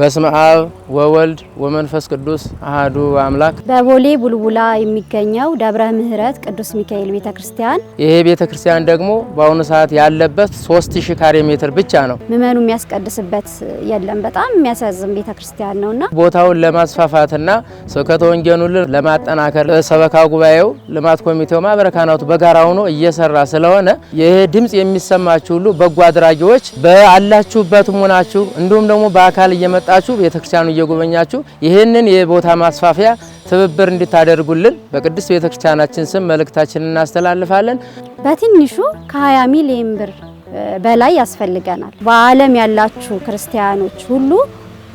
በስመ አብ ወወልድ ወመንፈስ ቅዱስ አህዱ አምላክ። በቦሌ ቡልቡላ የሚገኘው ደብረ ምሕረት ቅዱስ ሚካኤል ቤተ ክርስቲያን፣ ይሄ ቤተ ክርስቲያን ደግሞ በአሁኑ ሰዓት ያለበት 3000 ካሬ ሜትር ብቻ ነው። ምእመኑ የሚያስቀድስበት የለም። በጣም የሚያሳዝን ቤተ ክርስቲያን ነውና ቦታውን ለማስፋፋትና ስብከተ ወንጌሉን ለማጠናከር ሰበካ ጉባኤው፣ ልማት ኮሚቴው፣ ማህበረ ካህናቱ በጋራ ሆኖ እየሰራ ስለሆነ ይሄ ድምጽ የሚሰማችሁ ሁሉ በጎ አድራጊዎች በአላችሁበት ሆናችሁ እንዲሁም ደግሞ በአካል እየመ እየመጣችሁ ቤተክርስቲያኑ እየጎበኛችሁ ይህንን የቦታ ማስፋፊያ ትብብር እንድታደርጉልን በቅድስት ቤተክርስቲያናችን ስም መልእክታችን እናስተላልፋለን። በትንሹ ከ20 ሚሊዮን ብር በላይ ያስፈልገናል። በዓለም ያላችሁ ክርስቲያኖች ሁሉ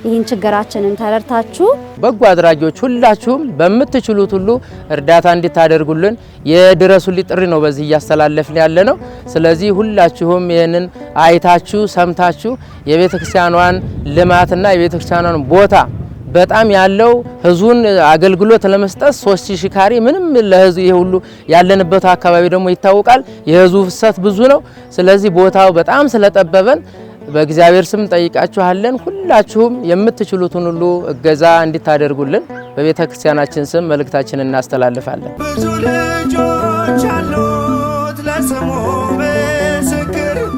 ይህን ችግራችንን ተረድታችሁ በጎ አድራጊዎች ሁላችሁም በምትችሉት ሁሉ እርዳታ እንድታደርጉልን የድረሱልኝ ጥሪ ነው በዚህ እያስተላለፍን ያለ ነው። ስለዚህ ሁላችሁም ይህንን አይታችሁ ሰምታችሁ የቤተ ክርስቲያኗን ልማትና የቤተ ክርስቲያኗን ቦታ በጣም ያለው ህዝቡን አገልግሎት ለመስጠት ሶስት ሺህ ካሬ ምንም ለህዝብ ይሄ ሁሉ ያለንበት አካባቢ ደግሞ ይታወቃል። የህዝቡ ፍሰት ብዙ ነው። ስለዚህ ቦታው በጣም ስለጠበበን በእግዚአብሔር ስም ጠይቃችኋለን። ሁላችሁም የምትችሉትን ሁሉ እገዛ እንድታደርጉልን በቤተ ክርስቲያናችን ስም መልእክታችን እናስተላልፋለን። ብዙ ልጆች አሉት ለስሙ ምስክር